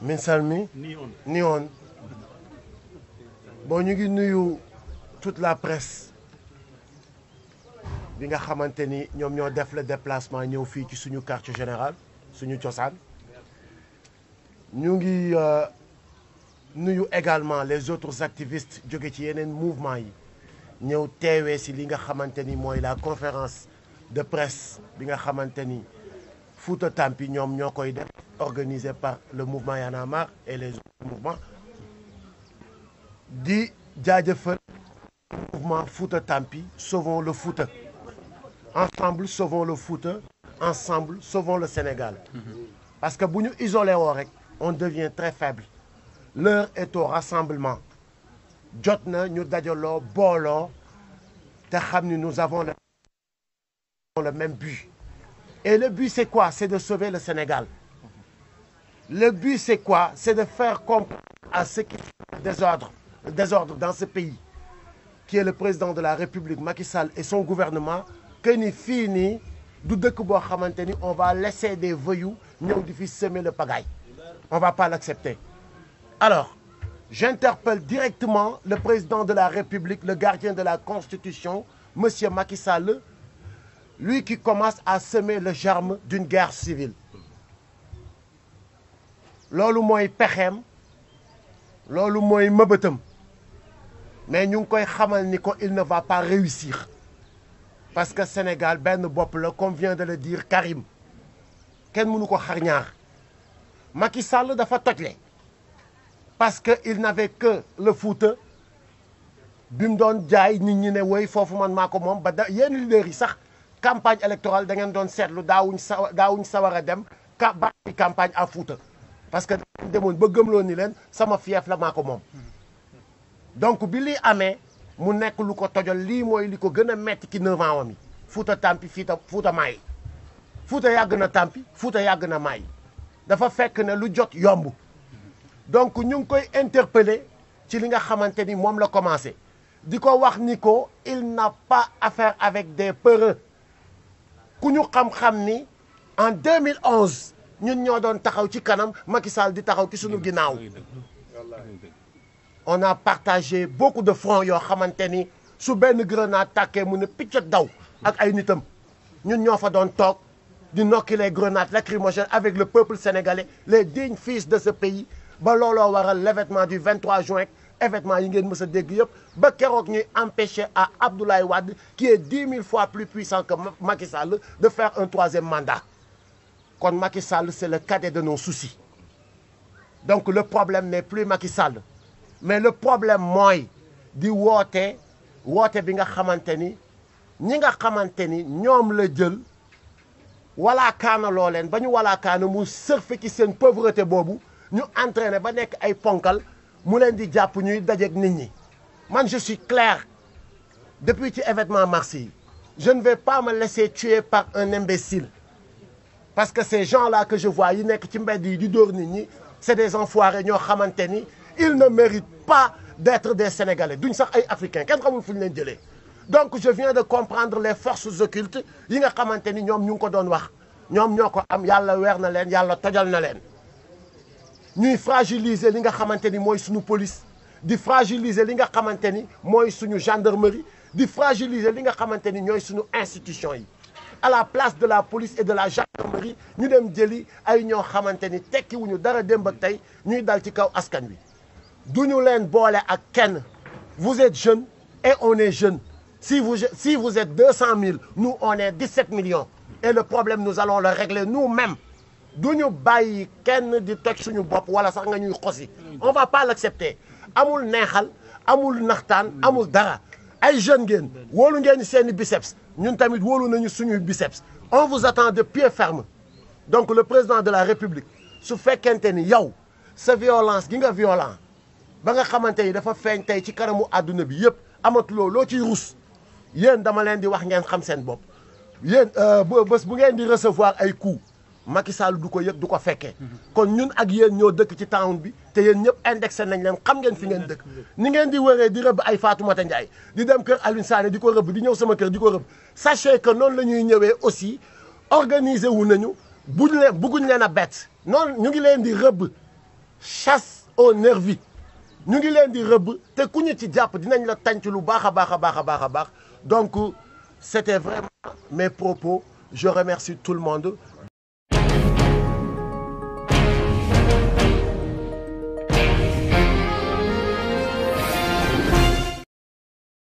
mi Minsalmi Nihon boo ñu ngi nuyu toute la presse bi nga xamante ni ñoom ñoo def le déplacement ñëw fii ci suñu quartier général suñu cosaan ñu ngi euh, nuyu également les autres activistes jóge ci yeneen mouvement yi ñëw teewee si li nga xamante ni mooy la conférence de presse bi nga xamante ni Fouta Tampi ñoom ñoo koy def organisé par le mouvement Y et les autres mouvements di jaajëfal mouvement Fouta Tampi sauvons le Fouta ensemble sauvons le Fouta ensemble sauvons le Sénégal parce que bu ñu isolé woo rek on devient très faible l'heure est au rassemblement jot na ñu dajaloo booloo te xam ni nous avons le même but et le but c'est quoi c'est de sauver le Sénégal Le but, c'est quoi? C'est de faire comprendre à ce qui désordre, désordre dans ce pays, qui est le président de la République, Macky Sall, et son gouvernement, que ni fii nii du dëkk boo xamante ni on va laisser des voyous ñëw di fi semer le pagaille. On va pas l'accepter. Alors, j'interpelle directement le président de la République, le gardien de la Constitution, monsieur Macky Sall, lui qui commence à semer le germe d'une guerre civile. loolu mooy pexeem loolu mooy mëbëtam mais ñu ngi koy xamal ni ko il ne va pas réussir parce que Sénégal benn bopp la comme vient de le dire Karim kenn mënu ko xar ñaar Macky Sall dafa tojle parce que il n'avait que le Fouta bi mu doon jaay nit ñi ne woy foofu man maa ko moom ba da yenn leaders yi sax campagne électorale da ngeen doon seetlu daawuñ sa daawuñ sawar a dem ka bari campagne à Fouta parce que demoon ba gëmloo ni leen sama fief la maa ko moom donc bi li amee mu nekk lu ko tojol lii mooy li ko gën a metti ki neuf ans wam yi fuuta tàmpi fiita fuuta maayi fuuta yàgg na tàmpi fuuta yàgg na may dafa fekk ne lu jot yomb donc ñu ngi koy interpeller ci li nga xamante ni moom la commencé di ko wax ni ko il n'a pas affaire avec des peureux ku ñu xam-xam ni en 2011 ñun ñoo doon taxaw ci kanam Macky Sall di taxaw ci suñu ginnaaw on a partagé beaucoup de fronts yoo xamante ni su benn grenade tàkkee mu ne picc daw ak ay nitam ñun ñoo fa doon toog di nokki les grenades avec le peuple sénégalais les dignes fils de ce pays ba looloo waral l'événement du 23 juin événement yi ngeen mës a dégg yëpp ba keroog ñuy empêcher à Abdoulaye Wade qui est dix mille fois plus puissant que Macky Sall de faire un troisième mandat kon Macky Sall c'est le cadet de nos soucis donc le problème n'est plus Macky Sall mais le problème mooy di woote woote bi nga xamante ni ñi nga xamante ni ñoom la jël walaakaana loo leen ba ñu walaakaana mu surfe ci seen pauvreté boobu ñu entraîné ba nekk ay ponkal mu leen di jàpp ñuy dajeeg nit ñi man je suis depuis ci événement mars yi je ne vais pas me laisser tuer par un imbécile parce que ces gens-là que je vois y nekk ci mbedd yi di dóor nit ñi c'est des enfoirés ñoo xamante ni ils ne méritent pas d'être des Sénégalais duñ sax ay africain kenn xamul fu ñu leen jëlee donc je viens de comprendre les forces occultes yi nga xamante ni ñoom ñu ngi ko doon wax ñoom ñoo ko am yàlla weer na leen yàlla tojal na leen ñuy fragiliser li nga xamante ni mooy suñu police di fragiliser li nga xamante ni mooy suñu gendarmerie di fragiliser li nga xamante ni ñooy suñu institution yi à la place de la police et de la gendarmerie ñu dem jëli ay ñoo xamante ni tekki wuñu dara dem ak tey ñuy dal ci kaw askan wi duñu leen boole ak kenn vous êtes jeune et on est jeune si vous êtes deux cent mille nous on est dix-sept millions et le problème nous allons le régler nous-mêmes duñu bàyyi kenn di toj suñu bopp wala sax nga ñuy xosi on va pas l'accepter amul neexal amul naxtaan amul dara ay jeunes ngeen wóolu ngeen seeni biceps ñun tamit wóolu nañu suñuy biceps on vous attend de pied ferme donc le président de la république su fekkente ni yow sa violence gi nga violent ba nga xamante yi dafa feeñ tey ci kanamu àdduna bi yëpp amatuloo loo ci rus yéen dama leen di wax ngeen xam seen bopp yéen euh, bés bu ngeen di recevoir ay coups Macky Sall du ko yëg du ko fekkee kon ñun ak yéen ñoo dëkk ci town bi te yéen ñëpp indexé nañ leen xam ngeen fi ngeen dëkk ni ngeen di wëree di rëbb ay Fatoumata Ndiaye di dem kër Alioune Sané di ko rëbb di ñëw sama kër di ko rëbb sachez que noonu la ñuy ñëwee aussi organiser wu nañu buñ leen bugguñ leen a bett noonu ñu ngi leen di rëbb chasse aux nervis ñu ngi leen di rëbb te ku ñu ci jàpp dinañ la tànc lu baax a baax a baax a baax a baax donc c'était vraiment mes propos je remercie tout le monde